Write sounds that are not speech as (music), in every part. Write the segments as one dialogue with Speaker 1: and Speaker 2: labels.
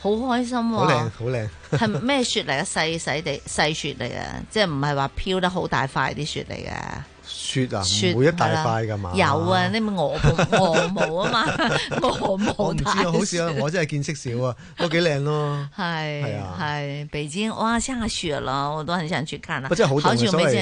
Speaker 1: 好開心，好靚，好靚，係咩雪嚟啊？細細哋細雪嚟啊，即係唔係話飄得好大塊啲雪嚟嘅。
Speaker 2: 雪啊，唔會一大塊噶嘛，有啊，
Speaker 1: 你鵝鵝毛啊嘛，鵝毛我
Speaker 2: 知啊，好笑啊，我真係見識少啊，都幾靚咯。
Speaker 1: 係係，北京哇，下雪啦，我都很想去看啊。真係好凍嘅，所以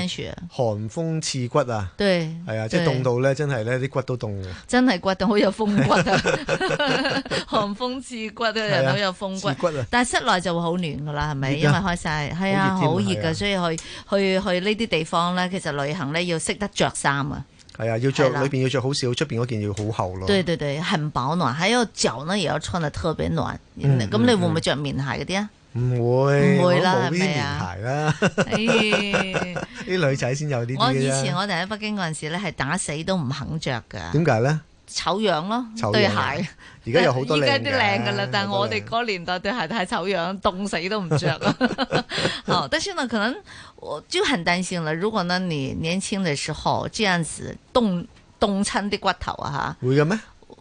Speaker 2: 寒風刺骨啊。對，係啊，即係凍到咧，真係咧，啲骨都凍嘅。
Speaker 1: 真係骨凍，好有風骨。啊，寒風刺骨，個人好有風骨啊。但係室內就會好暖噶啦，係咪？因為開晒，係啊，好熱噶，所以去去去呢啲地方咧，其實旅行咧要識。得着衫啊！
Speaker 2: 係啊，要着裏邊要着好少，出邊嗰件要好厚咯。對對
Speaker 1: 對，很保暖。喺個腳呢，也要穿得特別暖。咁、嗯嗯嗯、你會唔會着棉鞋嗰啲啊？
Speaker 2: 唔會，唔會啦，鞋啦？啊
Speaker 1: 的？
Speaker 2: 啲 (laughs) 女仔先有啲。我以前我
Speaker 1: 哋喺北京嗰陣時咧，係打死都唔肯着噶。點解咧？醜樣咯，啊、對鞋而家有好多而家靚嘅啦，但係我哋嗰年代對鞋太醜樣，凍死都唔着啊！ (laughs) (laughs) 哦，但係呢可能我就很擔心啦，如果呢你年輕嘅時候這樣子凍凍親啲骨頭啊，吓會嘅咩？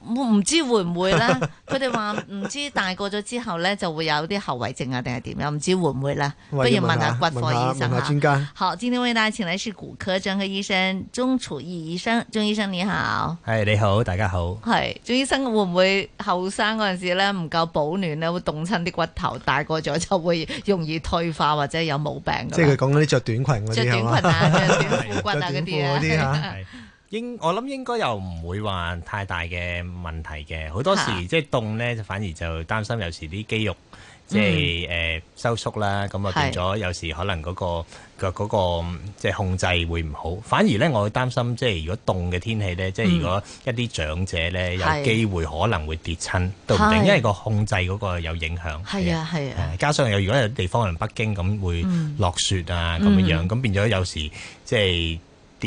Speaker 1: 唔知會唔會咧，佢哋話唔知大個咗之後咧就會有啲後遺症啊，定係點樣？唔知會唔會咧？不如問下骨科醫生吓。專家好，今天為大家請嚟是骨科專科醫生鍾礎逸醫生，鍾醫生你好。
Speaker 3: 係你好，大
Speaker 2: 家好。
Speaker 1: 係，鍾醫生會唔會後生嗰陣時咧唔夠保暖咧會凍親啲骨頭，大個咗就會容易退化或者有毛病？即係佢
Speaker 2: 講嗰啲着短裙嗰啲啊。短
Speaker 3: 裙啊，着 (laughs) 短褲啊，嗰啲啊。應我諗應該又唔會話太大嘅問題嘅，好多時即係凍呢，就反而就擔心有時啲肌肉即係誒收縮啦，咁啊變咗有時可能嗰個腳嗰個即係控制會唔好。反而呢，我會擔心即係如果凍嘅天氣呢，即係如果一啲長者呢，有機會可能會跌親都唔定，因為個控制嗰個有影響。係
Speaker 1: 啊係啊，
Speaker 3: 加上又如果有地方可能北京咁會落雪啊咁樣樣，咁變咗有時即係。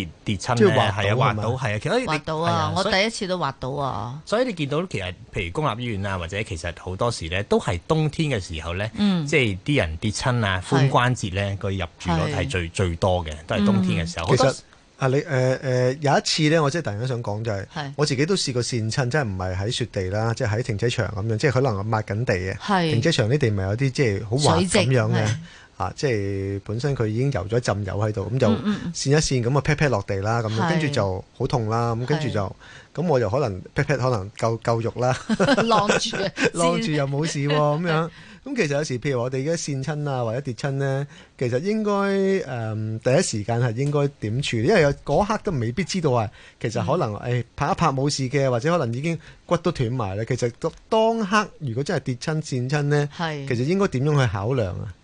Speaker 3: 跌跌親咧，係啊，滑倒係啊，其實滑倒啊，我第一次都滑倒啊。所以你見到其實，譬如公立醫院啊，或者其實好多時咧，都係冬天嘅時候咧，即係啲人跌親啊，髖關節咧，佢入住率係最最多嘅，都係冬天嘅時候。其實
Speaker 2: 啊，你誒誒有一次咧，我即係突然間想講就係，我自己都試過跣親，即係唔係喺雪地啦，即係喺停車場咁樣，即係可能抹緊地啊，停車場呢地咪有啲即係好滑咁樣嘅。啊，即係本身佢已經有咗浸油喺度，咁、嗯嗯、就扇一扇咁啊 pat pat 落地啦，咁跟住就好痛啦。咁跟住就咁，我就可能 pat pat 可能夠夠肉啦，
Speaker 1: 晾住晾住又
Speaker 2: 冇事喎、啊。咁 (laughs) 樣咁其實有時譬如我哋而家扇親啊，或者跌親呢，其實應該誒、嗯、第一時間係應該點處理？因為有嗰刻都未必知道啊。其實可能誒拍一拍冇事嘅，或者可能已經骨都斷埋咧。其實當刻如果真係跌親、扇親呢，其實應該點樣去考量啊？是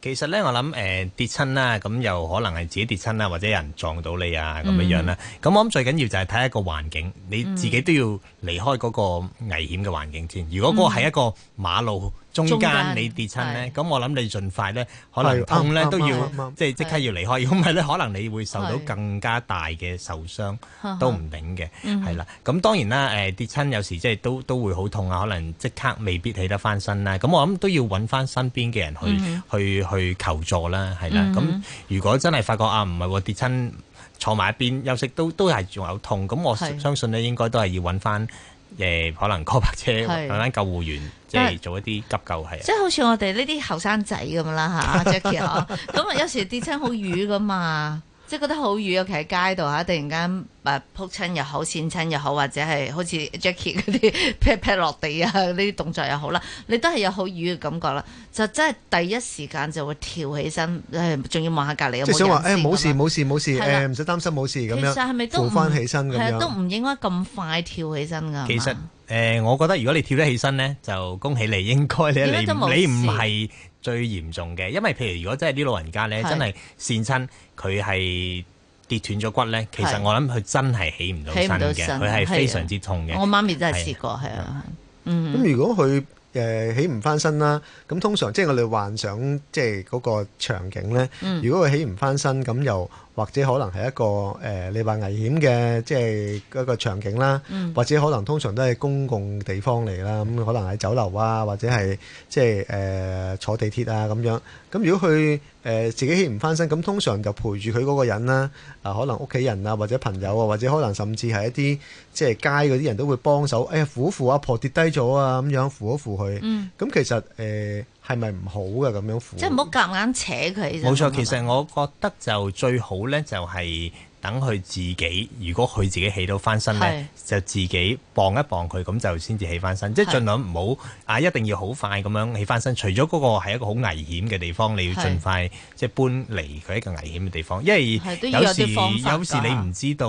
Speaker 3: 其實呢，我諗誒、呃、跌親啦，咁又可能係自己跌親啦，或者有人撞到你啊，咁樣樣啦。咁、mm hmm. 我諗最緊要就係睇一個環境，你自己都要離開嗰個危險嘅環境先。如果嗰個係一個馬路，Mm hmm. 中間你跌親呢，咁我諗你盡快呢，可能痛呢都要，即係即刻要離開，如果唔係呢，可能你會受到更加大嘅受傷，都唔頂嘅，係啦。咁當然啦，誒跌親有時即係都都會好痛啊，可能即刻未必起得翻身啦。咁我諗都要揾翻身邊嘅人去去去求助啦，係啦。咁如果真係發覺啊，唔係跌親，坐埋一邊休息都都係仲有痛，咁我相信呢，應該都係要揾翻。誒可能 call 白車揾翻是，救護員，即係但做一啲急救係，即係
Speaker 1: 好似我哋呢啲後生仔咁啦吓，Jackie 啊，咁啊、嗯、有時跌親好瘀噶嘛。即係覺得好瘀啊！企喺街度嚇，突然間誒撲親又好，閃親又好，或者係好似 Jackie 嗰啲劈劈落地啊，呢啲動作又好啦，你都係有好瘀嘅感覺啦。就真係第一時間就會跳起身，誒、哎，仲要望下隔離有冇人先、哎、事啦。即想話誒冇事
Speaker 2: 冇事冇事誒，唔使擔心冇事咁樣。其實係咪都唔係都唔
Speaker 1: 應該咁快跳起身㗎？其實
Speaker 3: 誒、呃，我覺得如果你跳得起身咧，就恭喜你，應該你唔你唔係。最嚴重嘅，因為譬如如果真係啲老人家咧，真係跣親佢係跌斷咗骨咧，是其實我諗佢真係起唔到身嘅，佢係非常之
Speaker 2: 痛嘅。我媽咪真係試過，係啊的，的嗯。咁如果佢誒、呃、起唔翻身啦，咁通常即係我哋幻想即係嗰個場景咧，如果佢起唔翻身咁又。或者可能係一個誒，你話危險嘅，即係一個場景啦。或者可能通常都係公共地方嚟啦，咁可能喺酒樓啊，或者係即係誒坐地鐵啊咁樣。咁如果佢誒自己起唔翻身，咁通常就陪住佢嗰個人啦。啊，可能屋企人啊，或者朋友啊，或者可能甚至係一啲即係街嗰啲人都會幫手。哎呀，扶一扶阿婆跌低咗啊，咁樣扶一扶佢。咁其實誒。係咪唔好嘅咁樣苦？即係
Speaker 1: 唔好夾硬扯佢。冇錯，樣其
Speaker 2: 實
Speaker 3: 我覺得就最好咧，就係、是。等佢自己，如果佢自己起到翻身咧，是就自己傍一傍佢，咁就先至起翻身。是即係儘量唔好啊，一定要好快咁樣起翻身。除咗嗰個係一個好危險嘅地方，是你要盡快即係搬離佢一個危險嘅地方，因為有時有，有時你唔知道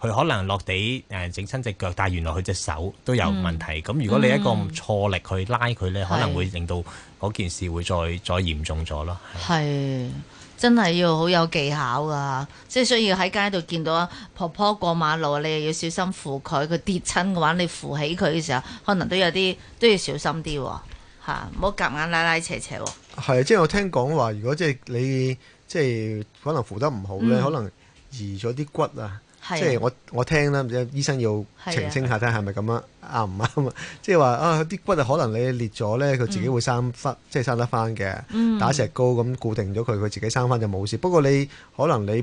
Speaker 3: 佢可能落地誒整親隻腳，但係原來佢隻手都有問題，咁、嗯、如果你一個唔錯力去拉佢咧，嗯、可能會令到嗰件事會再再嚴重咗咯。
Speaker 1: 係是。是真係要好有技巧噶，即係需要喺街度見到婆婆過馬路，你又要小心扶佢。佢跌親嘅話，你扶起佢嘅時候，可能都有啲都要小心啲吓，唔好夾硬拉拉扯扯。
Speaker 2: 係，即係我聽講話，如果即係你即係可能扶得唔好咧，嗯、可能移咗啲骨啊。即係我我聽啦，唔知醫生要澄清下睇係咪咁啊？啱唔啱啊？即係話啊，啲骨可能你裂咗呢，佢自己會生翻，嗯、即係生得翻嘅。打石膏咁固定咗佢，佢自己生翻就冇事。不過你可能你搬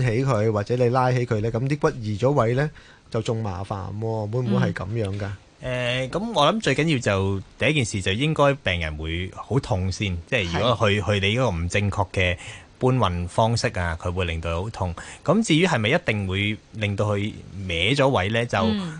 Speaker 2: 起佢或者你拉起佢呢，咁啲骨移咗位呢，就仲麻煩喎。會唔會係咁樣㗎？誒、嗯，
Speaker 3: 咁、呃、我諗最緊要就第一件事就應該病人會好痛先。即係如果去去你嗰個唔正確嘅。的搬運方式啊，佢會令到好痛。咁至於係咪一定會令到佢歪咗位呢？就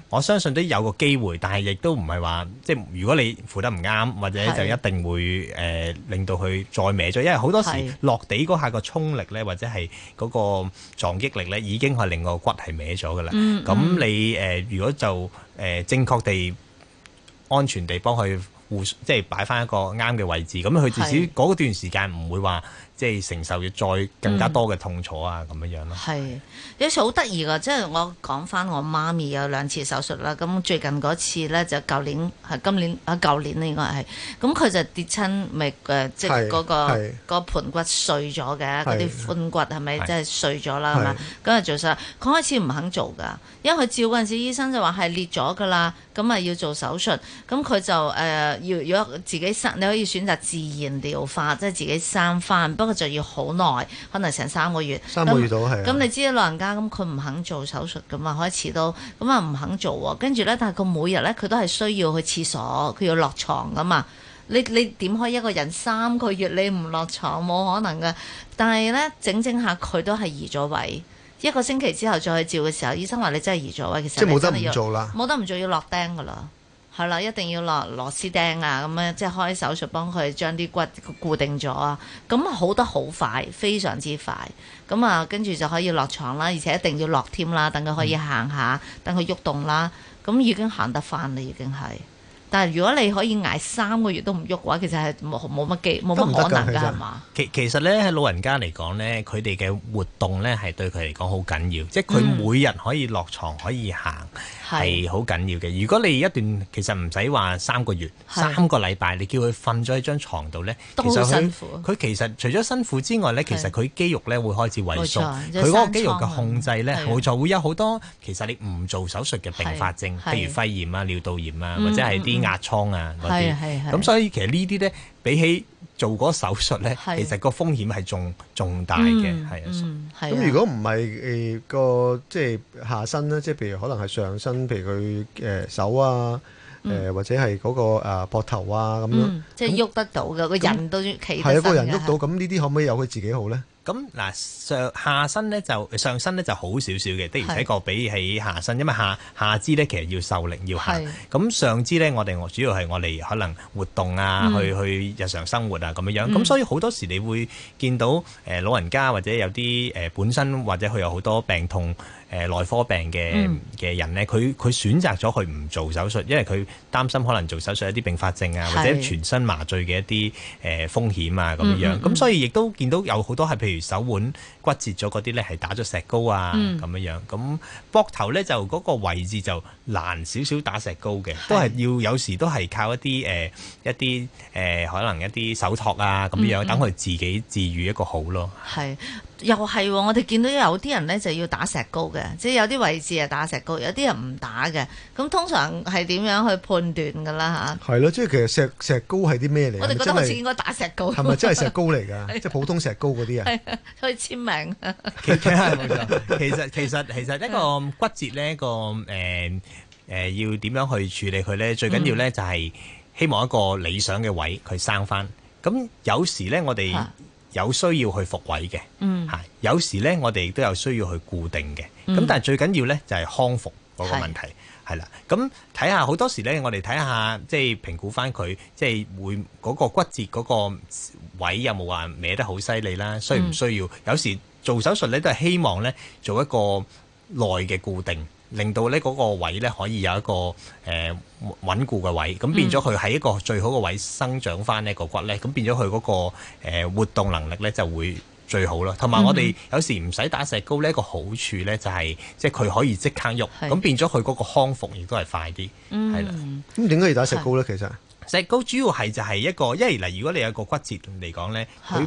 Speaker 3: 我相信都有個機會，但係亦都唔係話即係如果你扶得唔啱，或者就一定會誒令到佢再歪咗。因為好多時落地嗰下個衝力呢，或者係嗰個撞擊力呢，已經係令個骨係歪咗㗎喇。咁你誒如果就誒正確地、安全地幫佢護，即係擺翻一個啱嘅位置，咁佢至少嗰段時間唔會話。即係承受要再更加多嘅痛楚啊，咁、嗯、樣樣咯。
Speaker 1: 係有時好得意噶，即係我講翻我媽咪有兩次手術啦。咁最近嗰次咧就舊年係今年啊舊年咧應該係，咁佢就跌親咪誒即係嗰、那個是個盤骨碎咗嘅，嗰啲髖骨係咪是即係碎咗啦？係嘛是，咁啊做手術，佢開始唔肯做㗎，因為佢照嗰陣時醫生就話係裂咗㗎啦，咁啊要做手術，咁佢就誒、呃、要如果自己生，你可以選擇自然療法，即係自己生翻，不過。就要好耐，可能成三個月，三個月到係。咁你知道老人家咁佢唔肯做手術噶嘛，開始都咁啊唔肯做喎、啊。跟住咧，但係佢每日咧佢都係需要去廁所，佢要落床噶嘛。你你點可以一個人三個月你唔落床，冇可能噶。但係咧整整下佢都係移咗位，一個星期之後再去照嘅時候，醫生話你真係移咗位，其實即係冇得唔做啦，冇得唔做要落釘噶啦。係啦，一定要落螺絲釘啊，咁樣即係開手術幫佢將啲骨固定咗啊。咁好得好快，非常之快。咁啊，跟住就可以落床啦，而且一定要落添啦，等佢可以行下，等佢喐動啦。咁已經行得翻啦，已經係。但係如果你可以捱三個月都唔喐嘅話，其實係冇乜機冇乜可能㗎嘛？
Speaker 3: 其其實咧喺老人家嚟講咧，佢哋嘅活動咧係對佢嚟講好緊要，即係佢每日可以落床可以行係好緊要嘅。如果你一段，其實唔使話三個月，三個禮拜，你叫佢瞓咗喺張床度咧，都好辛苦。佢其實除咗辛苦之外咧，其實佢肌肉咧會開始萎縮，佢嗰個肌肉嘅控制咧，就會有好多其實你唔做手術嘅併發症，譬如肺炎啊、尿道炎啊，或者係啲壓瘡啊嗰啲，咁所以其實呢啲咧，比起
Speaker 2: 做嗰手術咧，是其實個風險係仲仲大嘅，係、嗯、啊。咁如果唔係誒個即係下身咧，即係譬如可能係上身，譬如佢誒手啊，
Speaker 1: 誒、嗯呃、
Speaker 2: 或者係嗰、嗰個膊、呃、頭啊咁樣，嗯、樣
Speaker 1: 即係喐得到嘅個那人都企得。係啊，個人喐
Speaker 2: 到咁呢啲，可唔可以由佢自己好咧？
Speaker 3: 咁嗱上下身咧就上身咧就，就好少少嘅，的是而且確比起下身，因為下下，下肢咧其實要受力要行。咁是上肢咧，我哋主要係我哋可能活動啊，去去日常生活啊咁樣樣。咁、嗯、所以好多時你會見到誒、呃、老人家或者有啲誒、呃、本身或者佢有好多病痛。誒、呃、內科病嘅嘅人咧，佢佢選擇咗佢唔做手術，因為佢擔心可能做手術一啲併發症啊，或者全身麻醉嘅一啲誒、呃、風險啊咁樣。咁所以亦都見到有好多係譬如手腕骨折咗嗰啲咧，係打咗石膏啊咁樣。咁膊頭咧就嗰、那個位置就難少少打石膏嘅，都係要有時都係靠一啲誒、呃、一啲誒、呃、可能一啲手托啊咁樣，等佢、嗯嗯、自己治癒一個好咯。
Speaker 1: 係、嗯。嗯。又係，我哋見到有啲人咧就要打石膏嘅，即係有啲位置係打石膏，有啲人唔打嘅。咁通常係點樣去判斷㗎啦？吓？
Speaker 2: 係咯，即係其實石石膏係啲咩嚟？我哋覺得好似應
Speaker 1: 該打石膏。係咪真係石
Speaker 2: 膏嚟㗎？即係普通石膏嗰啲啊？
Speaker 1: 可以簽名。
Speaker 2: 其
Speaker 3: 實其實其實呢個骨折呢個誒誒要點樣去處理佢咧？最緊要咧就係希望一個理想嘅位佢生返。咁有時咧我哋。有需要去復位嘅，嚇、嗯，有時咧我哋亦都有需要去固定嘅，咁、嗯、但係最緊要咧就係康復嗰個問題係啦。咁睇下好多時咧，我哋睇下即係評估翻佢，即係會嗰個骨折嗰個位有冇話歪得好犀利啦，需唔需要？嗯、有時做手術咧都係希望咧做一個內嘅固定。令到咧嗰個位咧可以有一個誒穩固嘅位，咁變咗佢喺一個最好嘅位生長翻咧個骨咧，咁變咗佢嗰個誒活動能力咧就會最好啦。同埋我哋有時唔使打石膏咧，一個好處咧就係即係佢可以即刻喐，咁變咗佢嗰個康復亦都係快啲，
Speaker 2: 係啦。咁點解要打石膏咧？其實
Speaker 3: 石膏主要係就係一個，因為嗱，如果你有個骨折嚟講咧，佢。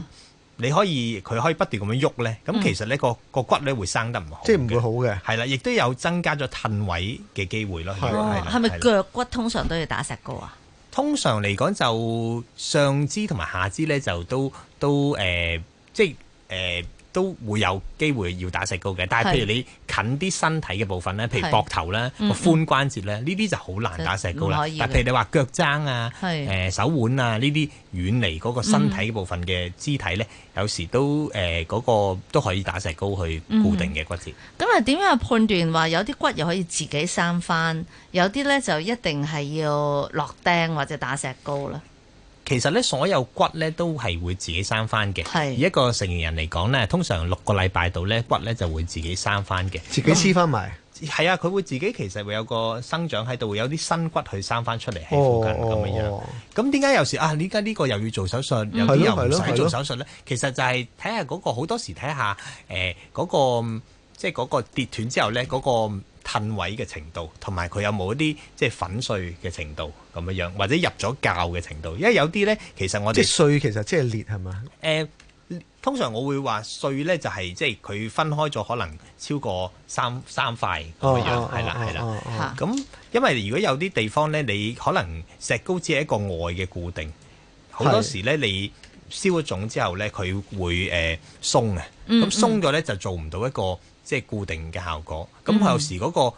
Speaker 3: 你可以佢可以不斷咁樣喐咧，咁其實呢個個骨咧會生得唔好，即係唔會好嘅。係啦，亦都有增加咗褪位嘅機會咯。係啦、哦，係咪了腳
Speaker 1: 骨通常都要打石膏啊？
Speaker 3: 通常嚟講，就上肢同埋下肢咧，就都都誒、呃，即係誒。呃都會有機會要打石膏嘅，但係譬如你近啲身體嘅部分咧，是譬如膊頭啦、個髖、嗯嗯、關節咧，呢啲就好難打石膏啦。但係譬如你話腳踭啊、誒是、呃、手腕啊呢啲遠離嗰個身體部分嘅肢體咧，嗯、有時都誒嗰、呃嗰個都可以打石膏去固定嘅骨折。
Speaker 1: 咁啊、嗯嗯，點樣判斷話有啲骨又可以自己生翻，有啲咧就一定係要落釘或者打石膏啦？
Speaker 3: 其實咧，所有骨咧都係會自己生翻嘅。以是一個成年人嚟講咧，通常六個禮拜度咧，骨咧就會自己生翻嘅。自己黐翻埋，係啊，佢會自己其實會有個生長喺度，會有啲新骨去生翻出嚟喺附近咁、哦哦哦哦、樣。咁點解有時啊？點解呢個又要做手術，有啲又唔使做手術咧？其實就係睇下嗰、那個，好多時睇下誒嗰、呃那個，即係嗰個跌斷之後咧嗰、那個。褪位嘅程度，同埋佢有冇一啲即係粉碎嘅程度咁樣樣，或者入咗臼嘅程度，因為有啲呢，其實我哋即
Speaker 2: 碎其實即係裂係嘛？
Speaker 3: 誒、呃，通常我會話碎呢，就係、是、即係佢分開咗，可能超過三三塊咁樣樣係啦，係啦。咁、oh, oh, oh. 因為如果有啲地方呢，你可能石膏只係一個外嘅固定，好多時呢，你。消咗腫之後呢，佢會誒鬆啊。咁鬆咗呢，就做唔到一個即係固定嘅效果。咁佢有時嗰個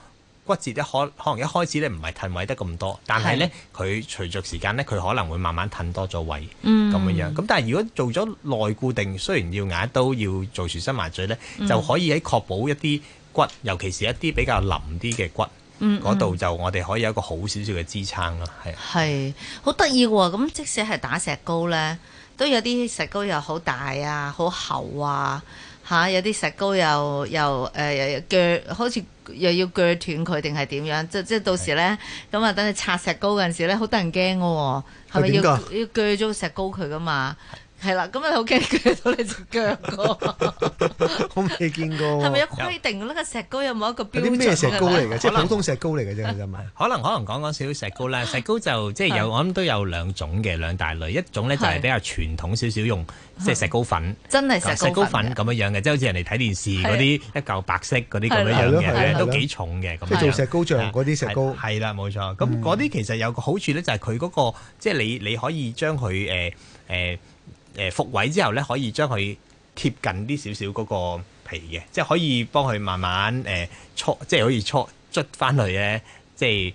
Speaker 3: 骨折咧，可可能一開始呢唔係褪位得咁多，但係呢，佢隨着時間呢，佢可能會慢慢褪多咗位，咁樣樣。咁但係如果做咗內固定，雖然要捱刀要做全身麻醉呢，就可以喺確保一啲骨，尤其是一啲比較腍啲嘅骨嗰度，就我哋可以有一個好少少嘅支撐咯。係
Speaker 1: 係好得意嘅，咁即使係打石膏呢，都有啲石膏又好大啊，好厚啊，吓、啊、有啲石膏又又誒鋸、呃，好似又要鋸斷佢定係點樣？即即到時咧，咁啊的等你拆石膏嗰陣時咧，好多人驚噶、哦，係咪要的要鋸咗石膏佢噶嘛？係啦，咁啊，好驚鋸到你隻
Speaker 2: 腳個，我未見過。係咪有規
Speaker 1: 定？呢個石膏有冇一個標準？啲咩石膏嚟嘅？即係普通
Speaker 2: 石膏嚟嘅啫，係可能可能
Speaker 3: 講講少少石膏咧，石膏就即係有，我諗都有兩種嘅兩大類。一種咧就係比較傳統少少，用即係石膏粉，真係石膏粉咁樣樣嘅，即係好似人哋睇電視嗰啲一嚿白色嗰啲咁樣樣嘅，都幾重嘅。咁做石膏像嗰啲石膏係啦，冇錯。咁嗰啲其實有個好處咧，就係佢嗰個即係你你可以將佢誒誒。誒復位之後咧，可以將佢貼近啲少少嗰個皮嘅，即係可以幫佢慢慢誒搓，即係可以搓捽翻佢咧，即係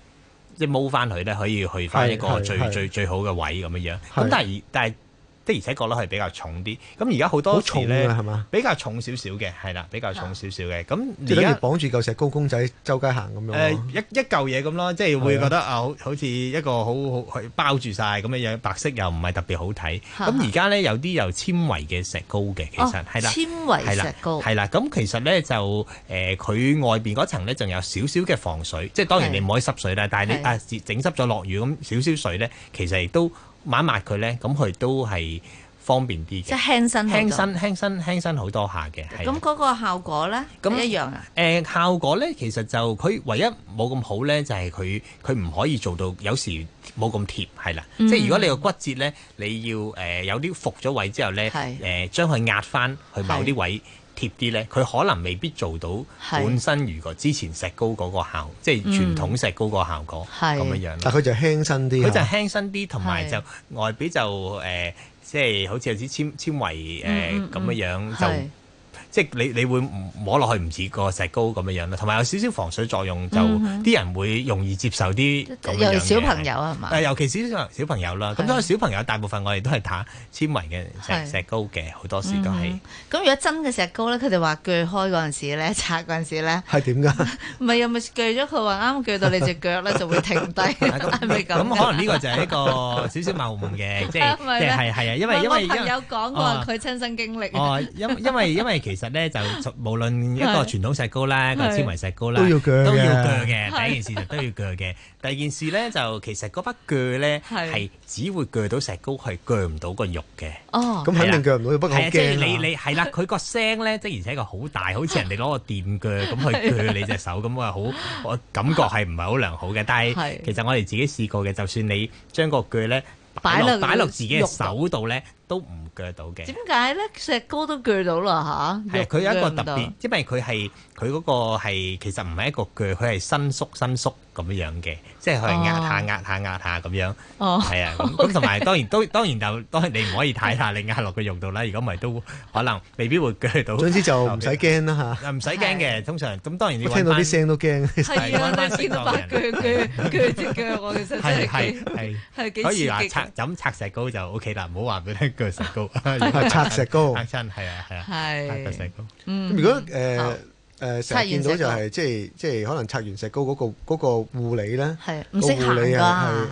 Speaker 3: 即係踎翻佢咧，可以去翻一個最最是最好嘅位咁樣樣。咁是但係但係。的而且確得係比較重啲，咁而家好多重時咧比較重少少嘅，係啦，比較重少少嘅。咁即係等住
Speaker 2: 綁住嚿石膏公仔周街行咁樣。誒，
Speaker 3: 一一嚿嘢咁咯，即係會覺得啊，好似一個好好係包住晒咁樣樣，白色又唔係特別好睇。咁而家咧有啲又纖維嘅石膏嘅，其實係啦，纖維石膏係啦。咁其實咧就誒，佢外邊嗰層咧仲有少少嘅防水，即係當然你唔可以濕水啦。但係你啊，整濕咗落雨咁少少水咧，其實亦都，抹抹佢咧，咁佢都係方便啲嘅，即係輕，輕身。輕身輕身輕身好多下嘅。咁
Speaker 1: 嗰個效果咧，那一樣
Speaker 3: 啊？誒、呃，效果咧，其實就佢唯一冇咁好咧，就係佢佢唔可以做到，有時冇咁貼係啦。嗯、即係如果你個骨折咧，你要誒、呃、有啲復咗位之後咧，誒的、呃、將佢壓翻去某啲位。貼啲咧，佢可能未必做到本身。如果之前石膏嗰個效，嗯、即係傳統石膏個效果咁樣是樣，但佢就
Speaker 2: 輕身啲，佢就輕身啲，同埋是就
Speaker 3: 外表就誒，即、呃、係、就是、好似有啲纖纖維誒咁、呃嗯、樣樣是就。即係你你會摸落去唔似個石膏咁樣樣啦，同埋有少少防水作用，就啲人會容易接受啲咁樣嘅。尤其是小朋友係嘛？誒，尤其是小朋友啦。咁因為小朋友大部分我哋都係打纖維嘅石石膏嘅，好多時都係。
Speaker 1: 咁如果真嘅石膏咧，佢哋話鋸開嗰陣時咧，拆嗰陣時咧，係點㗎？唔係又咪鋸咗佢話啱鋸到你隻腳咧，就會
Speaker 3: 停低，係咪咁？咁可能呢個就係一個少少矛盾嘅，即係係係啊，因為因為因為朋友講過佢
Speaker 1: 親身經歷。哦，
Speaker 3: 因因為因為其實。其實咧就無論一個傳統石膏啦，個纖維石膏啦，都要鋸，都要鋸嘅。第一件事就都要鋸嘅。第二件事咧就其實嗰把鋸咧係只會鋸到石膏，係鋸唔到個肉嘅。哦，咁肯定鋸唔到。不過我驚。係啊，即係你你係啦，佢個聲咧即係而且個好大，好似人哋攞個電鋸咁去鋸你隻手咁啊，好我感覺係唔係好良好嘅？但係其實我哋自己試過嘅，就算你將個鋸咧擺落擺落自己嘅手度咧。都唔鋸到嘅，點
Speaker 1: 解咧？石膏都鋸到啦嚇，係佢有一個特別，
Speaker 3: 因為佢係佢嗰個係其實唔係一個鋸，佢係伸縮伸縮咁樣嘅，即係佢係壓下壓下壓下咁樣，係啊，咁同埋當然都當然就當然你唔可以太大力，你壓落佢肉度咧，如果唔係都可能未必會鋸到，總之就唔使驚啦嚇，唔使驚嘅，通常咁當然你聽到啲
Speaker 2: 聲都驚，係啊，先鋸鋸鋸隻腳啊，其實
Speaker 1: 係係係，可以話拆
Speaker 3: 枕拆石膏就 OK 啦，唔好話俾你。
Speaker 2: 砌石膏， (laughs) 果 (laughs) 拆石膏，就係，拆拆係啊係啊，拆石膏。嗯，如果誒誒成日見到就係即係即係可能拆完石膏嗰，嗰個嗰，嗰個護理咧，係唔識行噶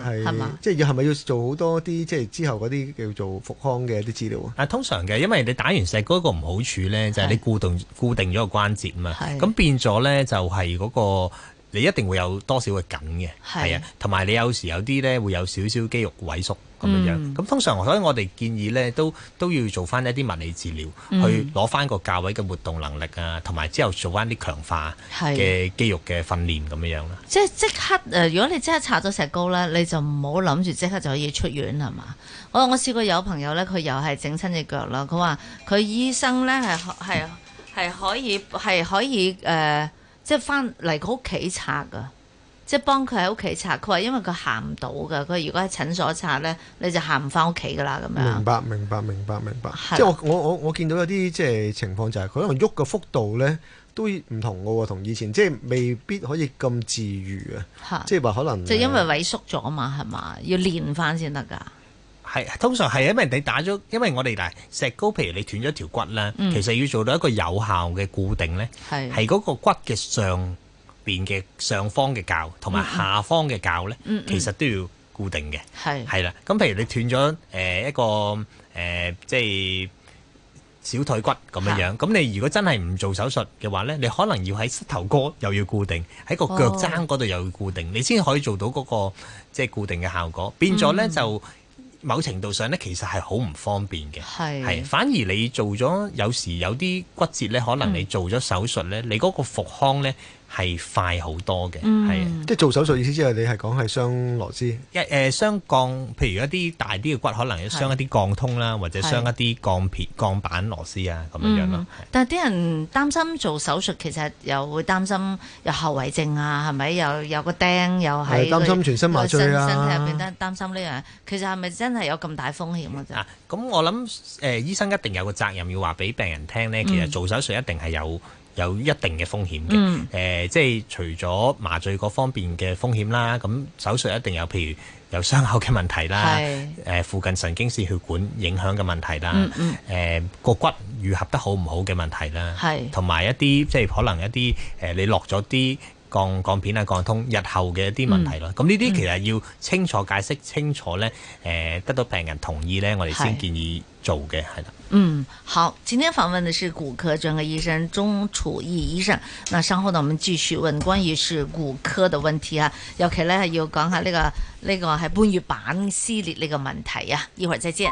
Speaker 2: 係係即係要係咪要做好多啲即係之後嗰啲叫做復康嘅一啲資料
Speaker 3: 啊？啊，通常嘅，因為你打完石膏一個唔好處咧，就係你固定的固定咗個關節嘛，咁的變咗咧就係嗰，嗰個。你一定會有多少嘅緊嘅，係是啊，同埋你有時有啲咧會有少少肌肉萎縮咁樣、嗯、樣，咁通常所以我哋建議咧都都要做翻一啲物理治療，去攞翻個價位嘅活動能力啊，同埋之後做翻啲強化嘅肌肉嘅訓練咁是樣樣啦。
Speaker 1: 即係即刻誒、呃，如果你即刻拆咗石膏咧，你就唔好諗住即刻就可以出院係嘛？我我試過有朋友咧，佢又係整親隻腳啦，佢話佢醫生咧係係係可以係可以誒。即係翻嚟佢屋企拆噶，即係幫佢喺屋企拆。佢話因為佢行唔到噶，佢如果喺診所拆咧，你就行唔翻屋企噶啦咁樣。明白，
Speaker 2: 明白，明白，明白。的即係我我我見到有啲即係情況就係、是，佢可能喐嘅幅度咧都唔同噶，同以前即係未必可以咁自如啊。的即係話可能就因為
Speaker 1: 萎縮咗嘛，係咪，要練翻先得噶。
Speaker 2: 係，通常係因為你打咗。
Speaker 3: 因為我哋嗱，石膏譬如你斷咗條骨咧，其實要做到一個有效嘅固定咧，係嗰個骨嘅上邊嘅上方嘅臼同埋下方嘅臼咧，其實都要固定嘅。係係啦，咁譬如你斷咗誒一個誒，即係小腿骨咁樣樣，咁你如果真係唔做手術嘅話咧，你可能要喺膝頭哥又要固定，喺個腳踭嗰度又要固定，你先可以做到嗰個即係固定嘅效果。變咗咧就～某程度上咧，其實係好唔方便嘅，係是，反而你做咗，有時有啲骨折咧，可能你做咗手術咧，嗯、你嗰個復康咧。係快好多嘅，係
Speaker 2: 即係做手術意思即係你係講係上螺絲，
Speaker 3: 一誒上鋼，譬如一啲大啲嘅骨，可能要上一啲鋼通啦，或者上一啲鋼片、鋼板螺絲啊咁
Speaker 1: 樣咯。但係啲人擔心做手術，其實又會擔心有後遺症啊，係咪？又有個釘又係擔心全身麻醉啊，身體入面擔心呢樣，其實係咪真係有咁大風險啊？
Speaker 3: 咁我諗誒醫生一定有個責任要話俾病人聽咧，其實做手術一定係有。有一定嘅風險嘅，誒、嗯呃，即係除咗麻醉嗰方面嘅風險啦，咁手術一定有，譬如有傷口嘅問題啦，誒是、呃，附近神經線血管影響嘅問題啦，誒、嗯嗯呃，個骨愈合得好唔好嘅問題啦，同埋是 一啲即係可能一啲誒、呃，你落咗啲。降鋼片啊，鋼通，日後嘅一啲問題咯。咁呢啲其實要清楚解釋，、嗯、解釋清楚咧，誒、呃、得到病人同意咧，我哋先建議做嘅，係啦。嗯，
Speaker 1: 好，今天訪問嘅是骨科專科醫生鍾礎逸醫生。那稍後呢，我們繼續問關於是骨科嘅問題啊，尤其咧係要講下呢、這個呢、這個係半月板撕裂呢個問題啊。一會兒再見。